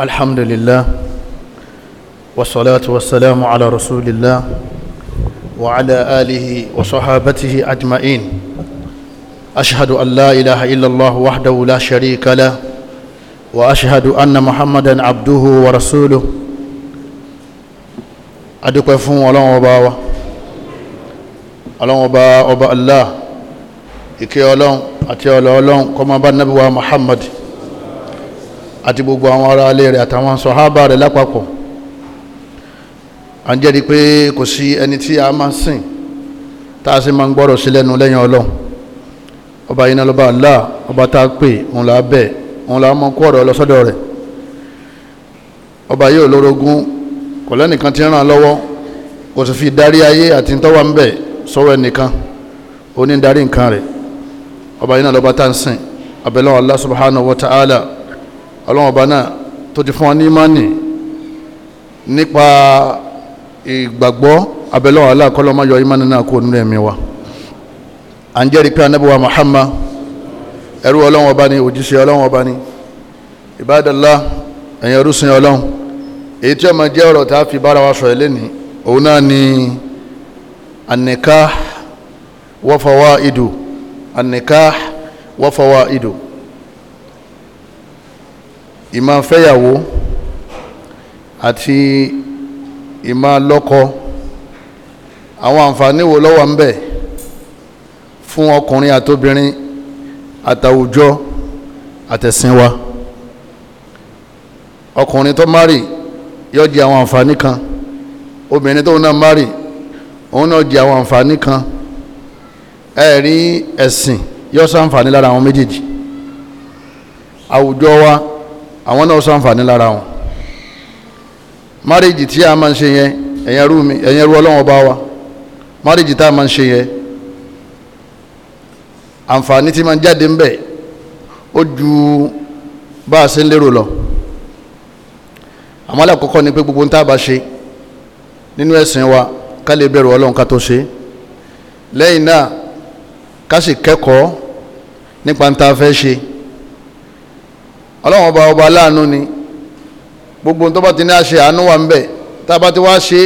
الحمد لله والصلاة والسلام على رسول الله وعلى آله وصحابته أجمعين أشهد أن لا إله إلا الله وحده لا شريك له وأشهد أن محمدا عبده ورسوله adúpẹ́ fún ọlọ́run ọba wa ọlọ́run ọba ọba allah ìkẹ́ ọlọ́run àti ọlọ́ ọlọ́run kó máa bá àti gbogbo àwọn ará ilé rẹ̀ àtàwọn sọ̀hábà rẹ̀ lápapọ̀ à ń jẹ́rìí pé kò sí ẹni tí a máa sìn tá a sì máa ń gbọ́rọ̀ sí lẹ́nu lẹ́yìn ọlọ́run ọba yìí náà lọ́ba ńlá ọba tá a pè òun là á bẹ̀ òun là á mọ kó ọ̀rọ̀ lọ́sọ́dọ̀ rẹ̀ ọba yìí ò kò lẹ́nìkan ti ràn án lọ́wọ́ kò sì fi darí ayé àti tọ́wọ́ ń bẹ̀ sọ́wọ́ ẹnìkan onídarí nǹkan rẹ̀ ọba yìí náà lọ́ba tá a sìn abẹ́lẹ́wọ̀n Allah subhanahu wa ta'ala ọlọ́run ọba náà tó ti fún wa ní mánì nípa ìgbàgbọ́ abẹ́lẹ́wọ̀n aláàkọ́lọ́mọ yọ ìmánì náà kó nínú ẹ̀mí wa à ń jẹ́rìí pé anábíwá Muhammad ẹrú ọlọ́run ọba ni òjíṣẹ́ ọlọ́run ọba ni ìbádọ́lá ẹ̀yìn ọdúnṣin ọlọ́run èyí tí ọmọ jẹ́ ọ̀rọ̀ tá a fi bára wa sọ̀rọ̀ lẹ́ni òun náà ni an-nikah wa fawaidu an-nikah ìmá fẹ́yàwó àti ìmá lọ́kọ àwọn àǹfààní wo ló wà ń bẹ fún ọkùnrin àtobìnrin àtàwùjọ àtẹ̀sìn wa ọkùnrin tó márì yóò jẹ àwọn àǹfààní kan obìnrin tóun náà márì òun náà jẹ àwọn àǹfààní kan ẹ̀rí ẹ̀sìn yóò ṣàǹfààní lára àwọn méjèèjì àwùjọ wa àwọn náà sànfàní lára wọn márèjì tí a máa ń ṣe yẹn ẹ̀yẹn rú ọlọ́wọ́n bá wa márèjì tá a máa ń ṣe yẹn àǹfààní tí máa ń jáde ń bẹ̀ ó ju bá a ṣe ń lérò lọ àmọ́ alákọ̀ọ́kọ́ ni pé gbogbo ń tá ṣe nínú ẹ̀sìn wa ká lè bẹ̀rù ọlọ́run ká tó ṣe lẹ́yìn náà ká sì kẹ́kọ̀ọ́ nípa ń tá fẹ́ ṣe ọlọ́run ọba ọba aláàánú ni gbogbo tó bá ti ní àṣẹ àánú wà ń bẹ̀ tá a bá ti wá ṣe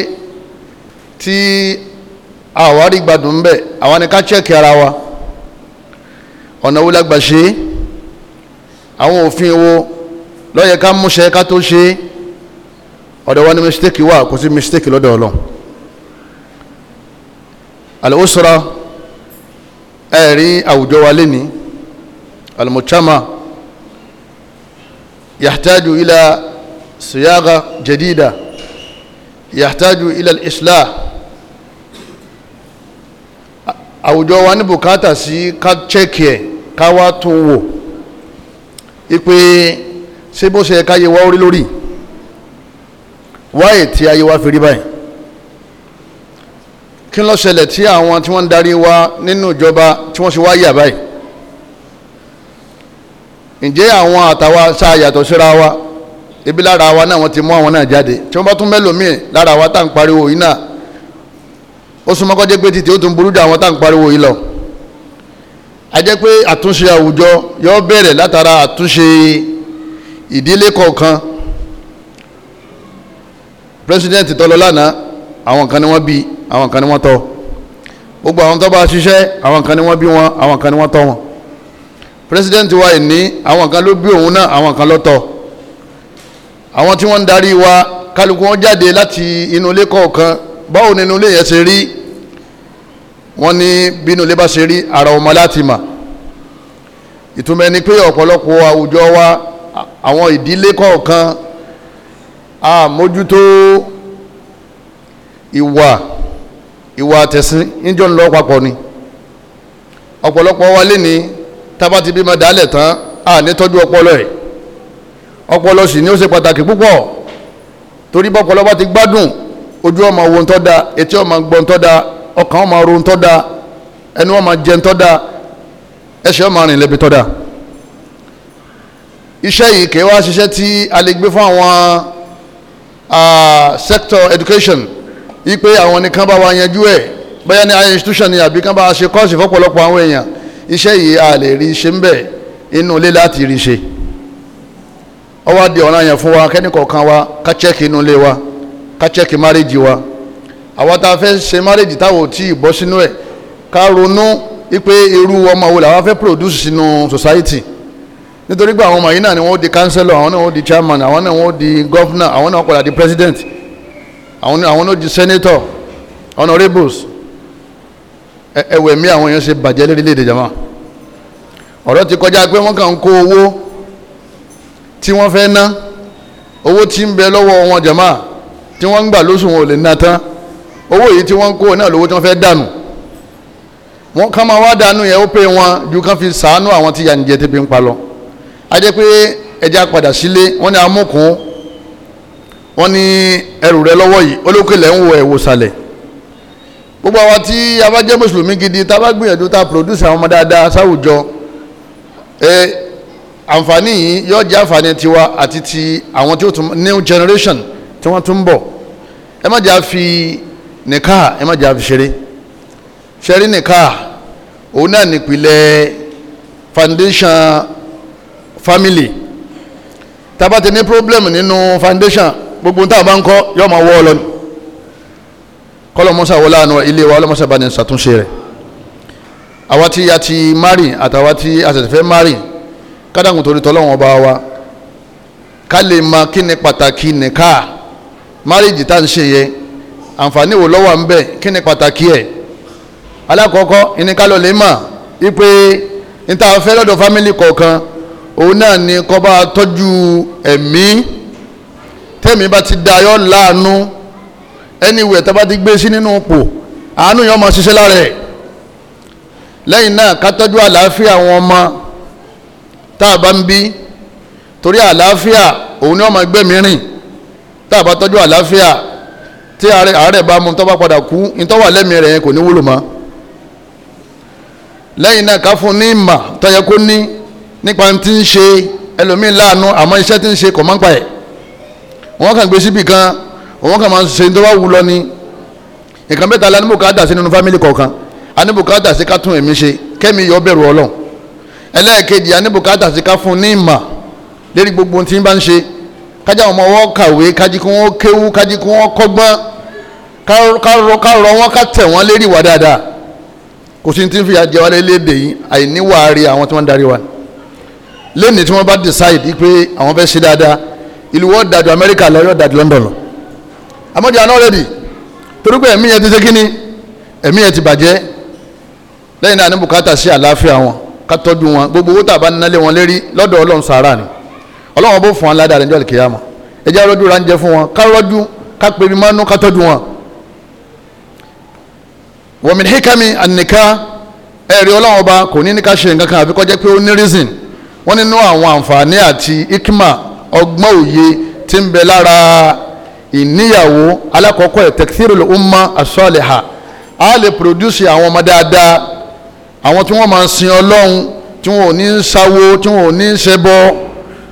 tí àwárí gbádùn ń bẹ̀ àwọn ni ká chẹ́ẹ̀kì ara wa ọ̀nà wo la ṣe àwọn òfin wo ló ká múṣẹ ká tó ṣe ọ̀dọ̀ wa ni mistake wà kò sí mistake lọ́dọ̀ ọlọ́run al-usra àwùjọ wa lẹ́ni al يحتاج إلى صياغة جديدة يحتاج إلى الإصلاح àwùjọ wa ní bùkátà sí ká chẹ́kì ẹ̀ ká wá tún wò ipe ṣé bó ṣe ká yẹ wá orí lórí wáyé tí ayé wa fi rí báyìí kí ló tí àwọn tí wọ́n ń darí wa nínú ìjọba tí wọ́n ṣe wá yà báyìí ǹjẹ́ àwọn àtàwa ṣá yàtọ̀ síra wa ebi lára wa náà wọ́n ti mú àwọn náà jáde tí wọ́n bá tún mẹ́lòmíì lára wa tá à ń pariwo yìí náà ó súnmọ́ kọ́jẹ́ pé títí ó tún burú ju àwọn tá à ń pariwo yìí lọ a jẹ́ pé àtúnṣe àwùjọ yó bẹ̀rẹ̀ látara àtúnṣe ìdílé kọ̀ọ̀kan president tọ́lọ lánàá àwọn kan ni wọ́n bí àwọn kan ni wọ́n tọ́ gbogbo àwọn tó bá ṣiṣẹ́ àwọn kan ni wọ́n bí wọn àwọn kan ni wọ́n tọ́ wọn pírẹsidẹ́ǹtì wa ìní àwọn kan ló bí òun náà àwọn kan lọ́tọ̀ àwọn tí wọ́n ń darí wa kálukú wọn jáde láti inú ilé kọ̀ọ̀kan báwo ni inú ilé yẹn ṣe rí wọ́n ní bí inú ilé bá ṣe rí ara ọmọ láti mà ìtumọ̀ ẹni pé ọ̀pọ̀lọpọ̀ àwùjọ wa àwọn ìdílé kọ̀ọ̀kan àmójútó ìwà ìwà àtẹ̀sí níjọ́ ńlọ papọ̀ ni ọ̀pọ̀lọpọ̀ wa lé ní tába ti bímọ dálẹ̀ tán a ní tọ́jú ọpọlọ ẹ̀ ọpọlọ sì ni ó ṣe pàtàkì púpọ̀ torí bọ́pọlọ bá ti gbádùn ojú ọmọ wo ntọ́ da etí ọmọ gbọ́ ntọ́ da ọkàn ọmọ ro ntọ́ da ẹnu ọmọ jẹ ntọ́ da ẹsẹ̀ ọmọ rìn lẹ́bi tọ́ da iṣẹ́ yìí kì í wá ṣiṣẹ́ tí a lè gbé fún àwọn sector education yí pé àwọn nìkan bá wa yanjú ẹ̀ bẹ́ẹ̀ ni institution ni àbí kan bá a ṣe kọ́ọ̀sì fọ́pọ̀lọpọ̀ àwọn èèyàn iṣẹ́ yìí a lè rí ṣe ń bẹ̀ inú ilé láti rí ṣe ó wá di ọ̀ràn yẹn fún wa kẹ́nìkọ̀ọ̀kan wa ká chẹ́kì inú ilé wa ká chẹ́kì márèjì wa àwa tá a fẹ́ ṣe márèjì táwọn ò tí ì bọ́ sínú ẹ̀ ká ronú wípé irú ọmọ wo làwọn fẹ́ produce sínú society nítorí pé àwọn ọmọ yìí náà ni wọ́n di councillor àwọn náà wọ́n di chairman àwọn náà wọ́n di governor àwọn náà wọ́n padà di president àwọn náà wọ́n di senator honourables ẹwẹ̀ mí àwọn èèyàn ṣe bàjẹ́ lórílẹ̀‐èdè jama ọ̀rọ̀ ti kọjá pé wọ́n kàn ń kó owó tí wọ́n fẹ́ ná owó tí ń bẹ lọ́wọ́ wọn jama tí wọ́n ń gbà lóṣù wọn ò lè ná tán owó yìí tí wọ́n ń kó náà lówó tí wọ́n fẹ́ dànù wọ́n kàn máa wá dànù yẹn ó pè wọ́n ju kàn fi sàánú àwọn tí yanijẹ tẹ́bi ń pa a jẹ́ pé ẹja padà sílé wọ́n ní amúkún wọ́n ní ẹrù rẹ lọ́wọ́ yìí olókèlè ń wo ẹ̀wòsàlẹ̀ gbogbo àwa tí a bá jẹ́ mùsùlùmí gidi tá a bá gbìyànjú tá a produce àwọn ọmọ dáadáa sáwùjọ ẹ àǹfààní yìí yóò jẹ́ àǹfààní tiwa àti ti àwọn tí ó tún new generation tí wọ́n tún bọ̀ ẹ má jà fi nìka ẹ má jà fi ṣeré ṣeré nìka òun náà nípìnlẹ̀ foundation family tá a bá ti ní problem nínú foundation gbogbo táwọn bá ń kọ́ yóò máa wọ́ ọ lọ́nà kọlọmọsá wọlé àná ilé wa ọlọmọsá bá ní ṣàtúnṣe rẹ̀ àwa tí a ti mari àtàwa tí a ṣẹ̀ṣẹ̀ fẹ́ mari kádàgùn torí tọ́lọ́wọ́n bá wa ká lè mọ kí ni pàtàkì nìka máríjì tá à ń ṣe yẹ àǹfààní wo lọ́wọ́ ń bẹ kí ni pàtàkì ẹ̀ alákọ̀ọ́kọ́ ìníkálọ̀ lè mà wípé níta fẹ́ lọ́dọ̀ fámìlì kọ̀ọ̀kan òun náà ni kó bá tọ́jú ẹ̀mí tẹ́mi bá ti dayọ́ láàánú anywhere tá bá ti gbé sí nínú ipò àánú yẹn ọmọ ṣiṣẹ́ lára ẹ̀ lẹ́yìn náà ká tọ́jú àlàáfíà àwọn ọmọ tá a bá ń bí torí àlàáfíà òun ni ọmọ ẹgbẹ́ mi rìn tá a bá tọ́jú àlàáfíà tí àárẹ̀ bá mu tó bá padà kú ìtọ́wà lẹ́mìí rẹ̀ yẹn kò ní wúlò mọ́ lẹ́yìn náà ká fún ní ìmà tó yẹ kó ní nípa ti ń ṣe ẹlòmíín láàánú àmọ́ iṣẹ́ ti ń ṣe kò máa ń pa ẹ̀ wọ́n kàn gbé síbì kan òun kàn máa ń ṣe tó bá wù lọ ni nǹkan mẹ́ta la ní bùkátà sí nínú fámìlì kọ̀ọ̀kan a ní bùkátà sí ká tún ẹ̀mí ṣe kẹ́mi yọ bẹ̀rù ọlọ́run ẹlẹ́ẹ̀kejì a ní bùkátà sí ká fún ní ìmà lérí gbogbo ohun tí ń bá ń ṣe kájà ọmọ wọn kàwé kájí kí wọn kéwú kájí kí wọn kọ́gbọ́n ká rọ wọn ká tẹ̀ wọ́n lérí ìwà dáadáa kò sí ti ń fi àjẹwà lélédè yìí àìníwàárí àwọn tí wọ́n darí wa lẹ́nu tí wọ́n bá decide pé àwọn fẹ́ ṣe dáadáa ìlú wọn dàdú Amẹ́ríkà lọ dàdú London lọ àmọ́ they are not ready torí pé ẹ̀mí yẹn ti ṣe kí ni ẹ̀mí yẹn ti bàjẹ́ lẹ́yìn náà ní bùkátà sí àlàáfíà wọn ká tọ́jú wọn gbogbo owó tàbá nílé wọn lérí lọ́dọ̀ ọlọ́run sàárà ni ọlọ́run bó fún wọn ládàá rẹ̀ níjọ́ kìyàmọ̀ ẹ jẹ́ rọ́jú ra ń jẹ fún wọn ká rọ́jú ká pèmí mánú ká tọ́jú wọn. wa min hikami an ẹ̀rí ọlọ́run ikma ọgbọ́n òye ìníyàwó alákọ̀ọ́kọ́ ẹ̀ tẹ̀kítírì umma asọ́lẹ̀ha a lè pòdúsì àwọn ọmọ dáadáa àwọn tí wọ́n máa ń sin ọlọ́run tí wọ́n ò ní ń sawo tí wọ́n ò ní ń ṣẹbọ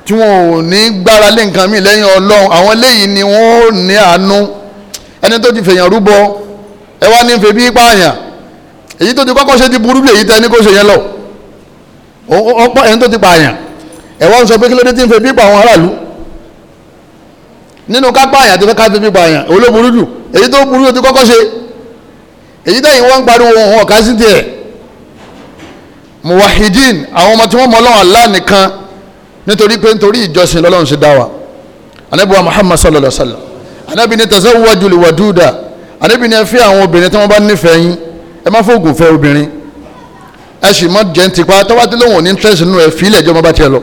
tí wọ́n ò ní gbára lé nǹkan míì lẹ́yìn ọlọ́run àwọn eléyìí ni wọ́n ò ní àánú ẹni tó ti fèèyàn rúbọ ẹ wá ní fèbí pààyàn èyí tó ti kọ́kọ́ ṣe ti burú lè yí tẹ ẹni kó ṣe yẹn lọ ọ̀pọ̀ ẹni tó ti pààyàn ẹ wá ń sọ pé kí ló dé tí ń fèbí pa aráàlú nínú kápá àyàn àti ká fífi pa àyàn olóburú jù èyí tó burú ló ti kọ́kọ́ ṣe èyí tẹ̀yìn wọ́n ń pariwo ohun ọ̀ká sí tiẹ̀ muwahidin àwọn ọmọ tí wọ́n mọ ọlọ́run Allah nìkan nítorí pé nítorí ìjọsìn lọ́lọ́run ṣe dá wa anabi wa muhammad sallallahu alaihi wa sallam anabi ni tazawwaju liwaduda anabi ni ẹ fi àwọn obìnrin tí wọ́n bá nífẹ̀ẹ́ yín ẹ má fóògùn fẹ́ obìnrin ẹ sì mọ jẹ́ tipa tọ́wádìí lóhùn ní interest nínú ẹ fi ilẹ̀ jọmọ bá tiẹ̀ lọ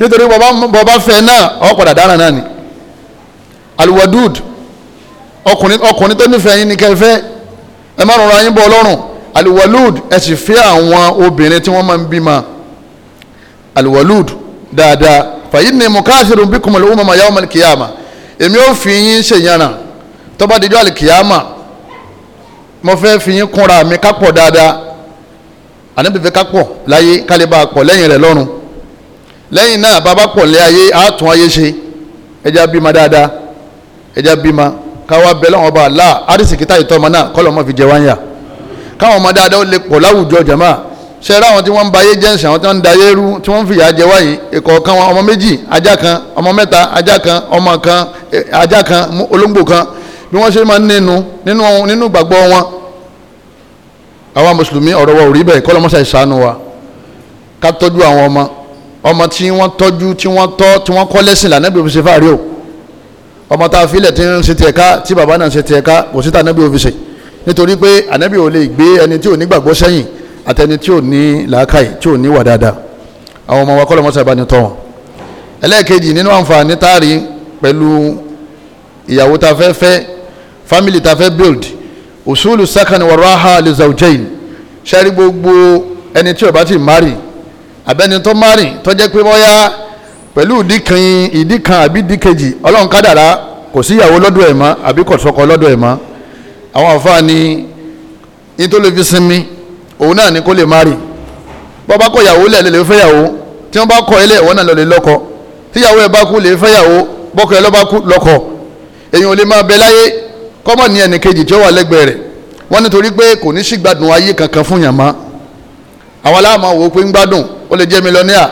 nítorí bọ́bá fẹ́ náà ọ̀ padà náà ni alwadud ọkùnrin ọkùnrin tó nífẹ̀ẹ́ yín ni kẹfẹ́ ẹ má rọra yín bọ́ ọlọ́run alwalud ẹ sì fẹ́ àwọn obìnrin tí wọ́n máa ń bímọ alwalud dáadáa fàyín ni mukasiru bikum al-umama yawm al-qiyama èmi ò fi yín ṣèyànnà tó bá dijọ́ alikiyama mo fẹ́ fi yín kúnra mi kápọ̀ dáadáa ànábì fẹ́ kápọ̀ láyé kálíbà pọ̀ lẹ́yìn rẹ̀ lọ́run lẹ́yìn náà bàbá pọ̀ lé ayé àátún ayé ṣe ẹja bímọ dáadáa ẹja bímọ káwa bẹ láwọn ọba àlá àrísìkítà ìtọ́ ọmọ náà kọ́lọ́ ọmọ fi jẹ wáyà káwọn ọmọ dáadáa ó lè pọ̀ láwùjọ jàmá ṣe ra àwọn tí wọ́n ń ba ayé jẹ́nsì àwọn tí wọ́n ń da ayé rú tí wọ́n ń fìyà jẹ wáyé ẹ̀kọ́ kan wọn ọmọ méjì ajá kan ọmọ mẹ́ta ajá kan ọmọ kan ajá kan olóńgbò kan bí wọ́n ṣe máa ń nínú nínú nínú gbàgbọ́ wọn àwa mùsùlùmí ọ̀rọ̀ wa ò rí bẹ́ẹ̀ kọ́lọ́mọ́sá ìṣàánú wa ká tọ́jú àwọn ọmọ ọmọ tí wọ́n tọ́jú tí wọ́n tọ́ tí wọ́n kọ́ lẹ́sìn lànà ìbí òfin ṣe fáàrí o ọmọ tá a filẹ̀ ti ń ṣe tiẹ̀ ká tí bàbá náà ṣe tiẹ̀ ká kò síta anábì òfin ṣe nítorí pé anábì ò lè gbé ẹni tí ò ní gbàgbọ́ sẹ́yìn àtẹni tí ò ní làákàyè tí ò ní wà dáadáa àwọn ọmọ wa kọ́ lọ́mọ́sá ìbáni tọ́ wọn. ẹlẹ́ẹ̀kejì nínú àǹfààní táàrí pẹ̀lú ìyàwó ta fẹ́ fẹ́ family ta fẹ́ build usulu sakan wa raha li zawjain sẹ́rí gbogbo ẹni tí ò bá ti mari àbẹ́ni tó mari tó jẹ́ pé bọ́yá pẹ̀lú ìdíkan ìdíkan àbí ìdíkejì ọlọ́run kádàrá kò síyàwó lọ́dọ̀ ẹ̀ mọ́ àbí kò sọ́kọ lọ́dọ̀ ẹ̀ mọ́ àwọn àfáà ni ní tó lè fi sinmi òun náà ni kó lè má rì bọ́ba kọ ìyàwó lẹ̀ lè fẹ́yàwó tí wọ́n bá kọ ilé ìwọ náà lọ lè lọ́kọ tíyàwó ẹ̀ bá kú lè fẹ́yàwó bọ́kọ ẹ̀ lọ́ba kú lọ́kọ èèyàn lè máa bẹ láyé kọ́mọ̀ ní ẹnìkejì tí ó wà lẹ́gbẹ̀ẹ́ rẹ̀ wọ́n nítorí pé kò ní sígbádùn ayé kankan fún yàn mọ́ àwọn aláàmọ̀ wò ó pé ń gbádùn ó lè jẹ́ mílíọ̀nìyà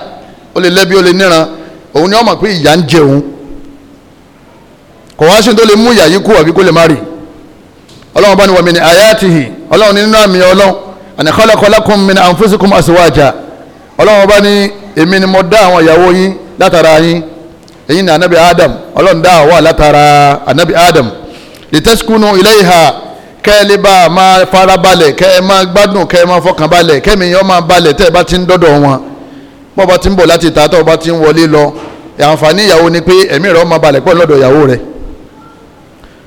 ó lè lẹ́bi ó lè níran òun ni ọmọ pé ìyá ń jẹ òun kò wá sí tó lè mú ìyá yìí kú àbí kó lè má rí ọlọ́run bá ní wọ́n mi ní ayatihi ọlọ́run ní nínú àmì ọlọ́run àní khalaqalakum min anfusikum azwaja ọlọ́run bá ní èmi ni mo dá àwọn ìyàwó yín látara yín èyí ni anabi adam ọlọ́run dá àwa látara anabi adam litaskunu ilayha kẹ́ẹ̀lẹ́bà máa farabalẹ̀ kẹ́ẹ̀ máa gbádùn kẹ́ẹ̀ máa fọkànbalẹ̀ kẹ́ẹ̀mí yẹn máa balẹ̀ tẹ́ẹ̀ bá ti ń dọ́dọ̀ wọn bọ́ bá ti ń bọ̀ láti ìta tó bá ti ń wọlé lọ àǹfààní ìyàwó ni pé ẹ̀mí rẹ̀ ó balẹ̀ pọ̀ lọ́dọ̀ ìyàwó rẹ̀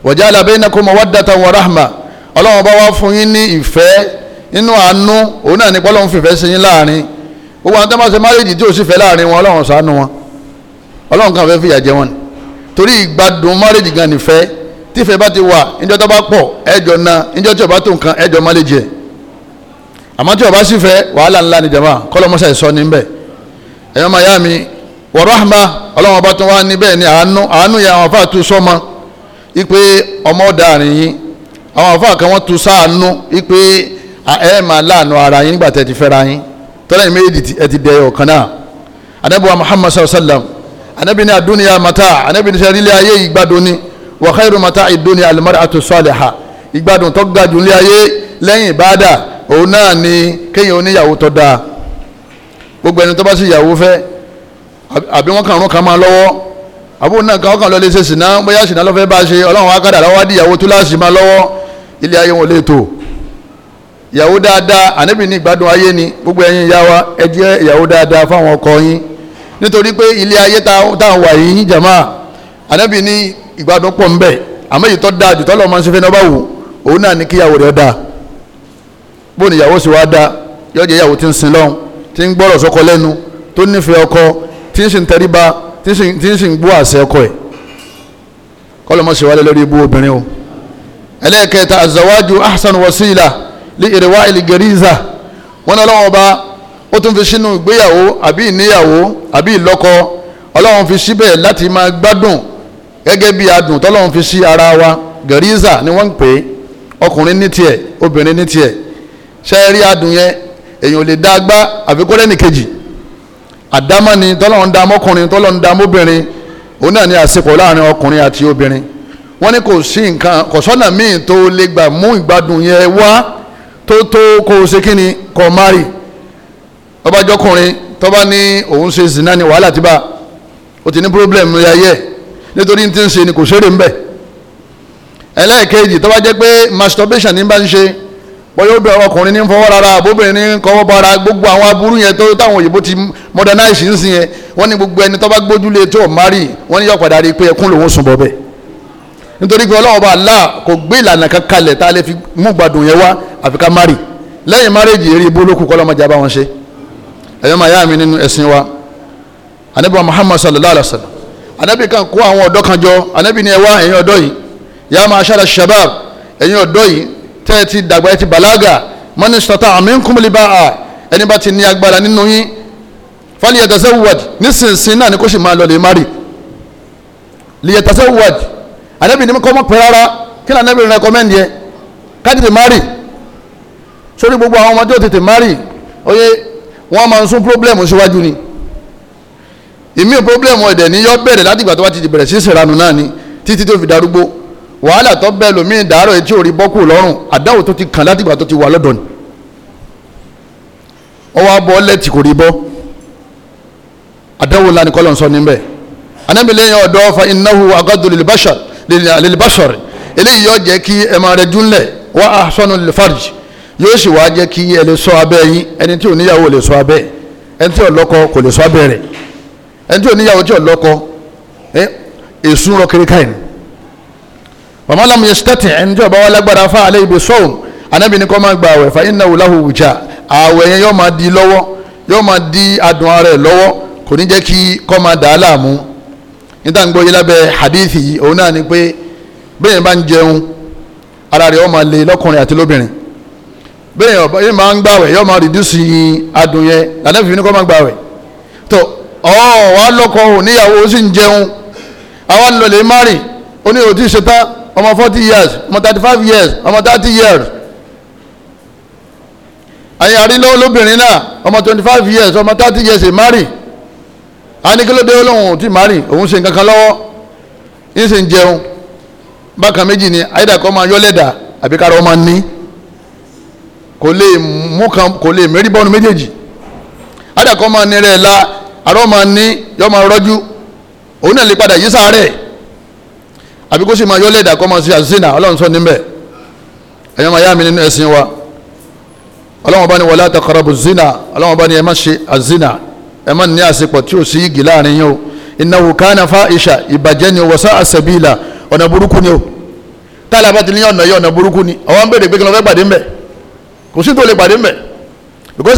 wajala bainakum mawaddatan wa rahma ọlọ́run bá wá fún yín ní ìfẹ́ nínú àánú òun náà ní pọ́lọ́run fìfẹ́ sí yín láàrin gbogbo àwọn tó máa ṣe márèjì tí ò sì fẹ́ láàrin wọn ọlọ́run ṣàánú wọn ọlọ́run kan fẹ́ fìyà jẹ wọn torí ìgbádùn márèjì gan nìfẹ́ tífẹ́ bá ti wà níjọ́ tó bá pọ̀ ẹjọ́ na níjọ́ tí ò bá tó nǹkan ẹjọ́ má lè àmọ́ tí ò bá sì fẹ́ wàhálà ńlá ni kọ́lọ́mọṣẹ́ sọ níbẹ̀ ẹ̀yọ́ maya mi wa rahma ọlọ́run ọba wá ní bẹ́ẹ̀ ni àánú àánú yẹn àwọn afáà tu sọ́mọ ipe ọmọ ọ̀dà àrìn yín àwọn afáà kan wọ́n tu sáànú ipe ẹ̀ máa láàánú ara yín nígbà tẹ́ ti fẹ́ra yín tọ́lá yìí méjì ẹ ti dẹ̀ ọ̀kan náà anabi wa muhammad sallallahu alaihi wa sallam anabi ni aduniya mata anabi ni sẹ́rílẹ̀ ayé ìgbádùn ni wa khairu mata ìdúnni almar'atu salihah ìgbádùn tó gbádùn lé ayé lẹ́yìn ìbáadà òun gbogbo ẹni tó bá sì yàwó fẹ́ àbí wọ́n kàn rún kan máa lọ́wọ́ àbúrò náà kan ọkàn lọ lè ṣe sìná bóyá sìná lọ́fẹ́ bá ṣe ọlọ́run akádà lọ́wọ́ dìyàwó túláàsì máa lọ́wọ́ ilé ayé wọn lè tó ìyàwó dáadáa ànábì ní ìgbádùn ayé ni gbogbo ẹ̀yin ìyá wa ẹ jẹ́ ìyàwó dáadáa fáwọn ọkọ yín nítorí pé ilé ayé táwọn wà yìí jàmá ànábì ní ìgbádùn pọ̀ ńbẹ̀ àmọ́ èyí tó dáa jù tọ́lọ́ máa ń ṣe fẹ́ náà bá wù òun náà ní kíyàwó rẹ̀ tí ń gbọ́rọ̀ sọ́kọ lẹ́nu tó nífẹ̀ẹ́ ọkọ tí ń sì ń tẹríba tí ń sì ń gbọ́ àṣẹ ọkọ ẹ̀ kọ́lọ́mọ́sẹ̀ wálé lórí ibú obìnrin o ẹlẹ́ẹ̀kẹta azawaju ahsan wasila li ìrẹ̀wá ìlìgẹ̀rìza wọn ní ọlọ́wọ́n ọba ó tún fi sínú ìgbéyàwó àbí ìníyàwó àbí ìlọ́kọ ọlọ́wọ́n fi síbẹ̀ láti máa gbádùn gẹ́gẹ́ bí adùn tọ́lọ́wọ́n fi sí ara wa gẹ̀rìza ni wọ́n ń pè é ọkùnrin ní tiẹ̀ obìnrin ní tiẹ̀ ṣe é rí adùn yẹn èèyàn ò lè dá agbá àfikúnrẹ́ nìkejì àdámọ́ ni tọ́lọ́ ń dá mọ́kùnrin tọ́lọ́ ń dá mọ́bìnrin òun náà ni àsìkò láàrin ọkùnrin àti obìnrin wọ́n ní kò sí nǹkan kò sọ́nà míì tó lè gbà mú ìgbádùn yẹn wá tó tó kó o ṣe kí ni kò má rì ọbàjọkùnrin tọ́ba ní òun ṣe zina ni wàhálà ti bá o ti ní pírọ́blẹ̀mù ayé nítorí ti ń ṣe ni kò ṣeré ń bẹ̀ ẹlẹ́ẹ̀kejì tọ́ba jẹ́ pé masturbation ní bá ń ṣe bọ́yọ̀ obìnrin ọkùnrin ní fọwọ́ rárá àbóbìnrin ní kọ́wọ́ bara gbogbo àwọn aburú yẹn tó táwọn òyìnbó ti modernize ń sìn yẹn wọ́n ní gbogbo ẹni tó bá gbójúlé tó mari wọ́n ní yọ̀padà rí i pé ẹkún lòún sùn bọ̀ bẹ́ẹ̀ nítorí pé ọlọ́wọ́ bá kò gbé ìlànà kan kalẹ̀ tá a lè fi mú yẹn wá àfi ká mari lẹ́yìn marriage eré ibú olókùn kọ́ lọ́mọdé abáwọn ṣe ẹ̀yọ́ máa yá mi nínú ẹ̀sìn wa anabi Muhammad sallallahu wa sallam anabi kan kó tẹ́ ẹ ti dàgbà ẹ ti bàlágà man istata'a minkum al-ba'a ẹni bá ti ní agbára nínú yín falyatazawwaj nísinsìnyí náà ni kò sì máa lọ lè má rì liyatazawwaj anabi ni kọ́ mọ́ pẹ́ rárá kí ni anabi recommend yẹ ká tètè má rì sórí gbogbo àwọn ọmọdé ò má rì oye wọ́n máa ń sún problem síwájú ni ìmí problem ọ̀dẹ̀ ni yọ bẹ̀rẹ̀ láti tó bá ti bẹ̀rẹ̀ sí ìsìnranu náà ni títí tó fi darúgbó wàhálà tó bẹ́ẹ̀ lómi ìdárò etí ò rí bọ́kù lọ́rùn àdáwò tó ti kàn látìgbà tó ti wà lọ́dọ̀ ni wọ́n wá bọ́ lẹ́tì kò rí bọ́ àdáwò ńlá ni kọ́lọ̀ ń sọ níbẹ̀ anábìlẹ́yìn ọ̀dọ́ fa innahu agadu lilbashar eléyìí yóò jẹ́ kí ẹ máa rẹ dúnlẹ̀ wá ahsanu lilfarj yóò sì wá jẹ́ kí ẹ lè ṣọ́ abẹ́ yín ẹni tí ò lè ṣọ́ abẹ́ ẹni tí ò kò lè ṣọ́ abẹ́ rẹ̀ ẹni tí ò tí ò ẹ èsùn kiri káyìí fàmọ́lámù yẹn sítẹ́tì ẹni tí ọba wa lágbára fáwọn alẹ́ ibi sọ́ọ̀mù anábì ní kọ́ máa gba àwẹ̀ fàyín náà wùláhù wùjà àwẹ̀ yẹn yóò máa di lọ́wọ́ yóò máa di adùn ara ẹ̀ lọ́wọ́ kò ní jẹ́ kí kọ́ máa dà á láàmú níta ń gbọ́ yìí lábẹ́ hadith yìí òun náà ni pé bẹ́ẹ̀ bá ń jẹun ara rẹ̀ ó máa le lọ́kùnrin àti lóbìnrin bẹ́ẹ̀ yẹn máa ń gbàwẹ̀ yóò máa reduce adùn yẹn anábì ní kọ́ máa ọmọ forty years ọmọ thirty five years ọmọ thirty years àyìn àrílọ́wọ́ lóbìnrin náà ọmọ twenty five years ọmọ thirty years ẹ̀ mari anikilode olóhùn ti mari òun ṣe nǹkan kan lọ́wọ́ ń ṣe ń jẹun bákan méjì ni àyídàkọ́ máa yọ lẹ́dà àbí kára ọmọ ní kò lè mú kan kò lè mérí bọ́ọ̀nù méjèèjì àyídàkọ́ máa ní rẹ̀ la àrọ́ máa ní yọ máa rọ́jú òun náà lè padà yí sáré àbí kó sì máa yọ́lẹ̀ ìdàkọ́ máa ṣe àṣìṣe náà ọlọ́run sọ níbẹ̀ ẹ̀yọ́ máa yá mi nínú ẹ̀sìn wa ọlọ́run bá ní wala taqrabu zina ọlọ́run bá ní ẹ má ṣe àzina ẹ má ní àṣepọ̀ tí ò sí igi láàrin yín o innahu kana fa'isha ìbàjẹ́ ni wasa àṣẹbíìlà ọ̀nà burúkú ni o táàlà bá ti ní ọ̀nà yìí ọ̀nà burúkú ni àwọn béèrè pé kí ló fẹ́ pàdé ńbẹ̀ kò sí tó lè pàdé ńbẹ̀ because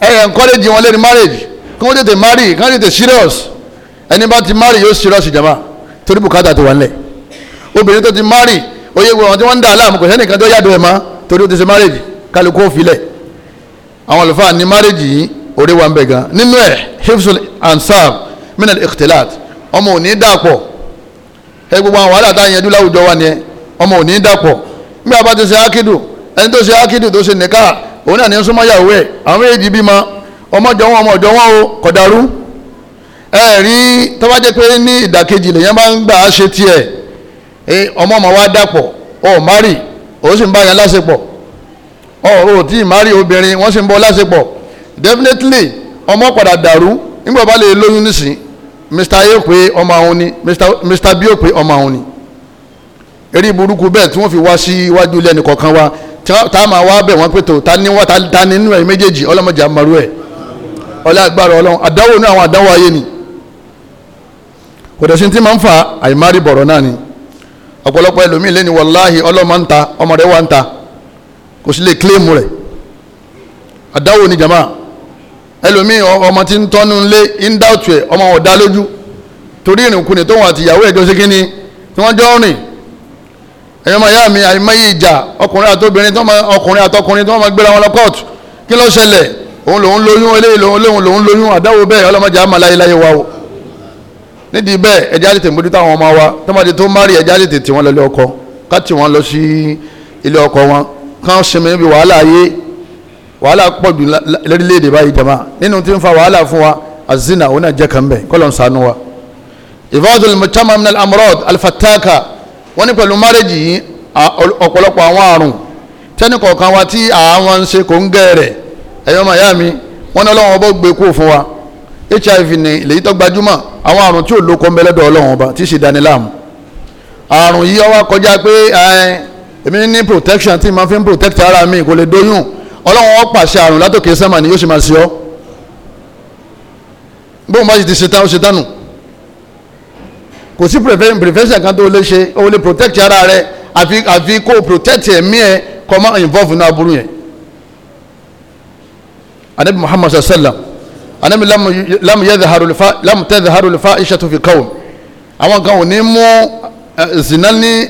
ẹ encourage wọn lẹ́ni marriage kí wọ́n tètè marry kí wọ́n tètè serious ẹni bá ti marry yóò serious jama torí bùkátà ti wà nílẹ̀ obìnrin tó ti marry oyè wọn tí wọ́n ń dà láàmú kò sẹ́nìkan tó yàdọ̀ ẹ̀ má torí ó ti ṣe marriage kálukú òfilẹ̀ àwọn àlùfáà ní marriage yìí orí wa ń bẹ̀ gan nínú ẹ̀ hifsul ansab minal ikhtilat ọmọ òní dàpọ̀ ẹ gbogbo àwọn wàhálà tá a yanjú láwùjọ wa ni ọmọ òní dàpọ̀ nígbà bá ti ṣe ákídù ẹni tó ṣe ákídù tó ṣe nìkan òun náà ní ń súnmọ́ yàwó ẹ̀ àwọn méjèèjì bímọ ọmọjọ wọn ọmọjọ wọn o kò dàrú ẹ rí tó bá jẹ́ pé ní ìdàkejì lèyàn bá ń gbà á ṣe tiẹ̀ ọmọ ọmọ wa dàpọ̀ ọ mari ó sì ń bá yẹn láṣepọ̀ ọ ò tí ì mari obìnrin wọ́n sì ń bọ́ láṣepọ̀ definitely ọmọ padà dàrú nígbà bá lè lóyún nísìn mr a pé ọmọ àwọn ni mr b ó pé ọmọ àwọn ni eré burúkú bẹ́ẹ̀ tí wọ́n fi wá sí iwájú ilé ẹnì kọ̀ọ̀kan wa tá a máa wá bẹ̀ wọ́n pé tó ta ni wọ́n ta ni nínú ẹ̀ méjèèjì ọlọ́mọdé àmọ́rú ẹ̀ ọlá agbára ọlọ́run àdánwò ní àwọn àdánwò ayé ni kò dẹ̀ sí ti máa ń fa àìmárì bọ̀rọ̀ náà ni ọ̀pọ̀lọpọ̀ ẹlòmíì lẹ́ni wàláhì ọlọ́mọ ń ta ọmọ rẹ̀ wà ń ta kò sí lè kílèmù rẹ̀ àdánwò ni jama ẹlòmíì ọmọ ti ń tọ́nu lé ń dá ẹ̀ ọmọ ọ̀dá lójú torí ìrìnkùnrin tóun àti ìyàwó ẹ̀jọ́ sí kínní tí wọ́n jọ rìn ẹ̀yọ́ máa yá mi àìmọye ìjà ọkùnrin àtọkùnrin tó máa ọkùnrin àtọkùnrin tó máa gbéra wọn lọ kóòtù kí ló ṣẹlẹ̀ òun lòun lóyún eléyìí lòun lóhun lòun lóyún àdáwò bẹ́ẹ̀ ọlọ́mọdé àmà láyéláyé wa o nídìí bẹ́ẹ̀ ẹja lè tètè mójútó àwọn ọmọ wa tọ́mọdé tó má rí ẹja lè tètè wọn lọ ilé ọkọ ká tì wọ́n lọ sí ilé ọkọ wọn kán sinmi níbi wàhálà ayé wàhálà pọ̀ jù lórílẹ̀‐èdè báyìí jama nínú tí ń fa wàhálà fún wa azina òun kan bẹ́ẹ̀ kọ́ ló wa. ìfọwọ́sọ̀lùmọ̀ chairman minal amrod wọ́n ní pẹ̀lú márẹ́jì yìí ọ̀pọ̀lọpọ̀ àwọn àrùn tẹ́nì kọ̀ọ̀kan wa tí àwọn ń ṣe kò ń gẹ̀ rẹ̀ ẹ̀yọ́ màyá mi wọ́n ní ọlọ́wọ́n bọ́ gbé e kú fún wa hiv ni èyí tó gbajúmọ̀ àwọn àrùn tí ò lóko ń bẹ ọba tí ì ṣe dání láàmú àrùn yìí ọwọ́ kọjá pé èmi ní protection tí màá fi ń protect ara mi kò lè dóyún ọlọ́wọ́n ọ pàṣẹ àrùn látòkè sẹ́mà ni yóò ṣe máa ṣe ọ́ bóun bá ti ṣetán ó ṣetán kò sí prevention kan tó lè ṣe o lè protect ara rẹ àfi àfi kó o protect ẹ̀mí ẹ kó o involve ní aburú yẹn anabi muhammad sallam anabi lamu yadharulifa lamu tadharulifa ishatu fi kawm àwọn kan ò ní mú zina ní